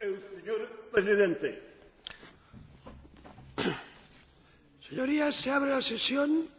El señor presidente. Señorías, se abre la sesión.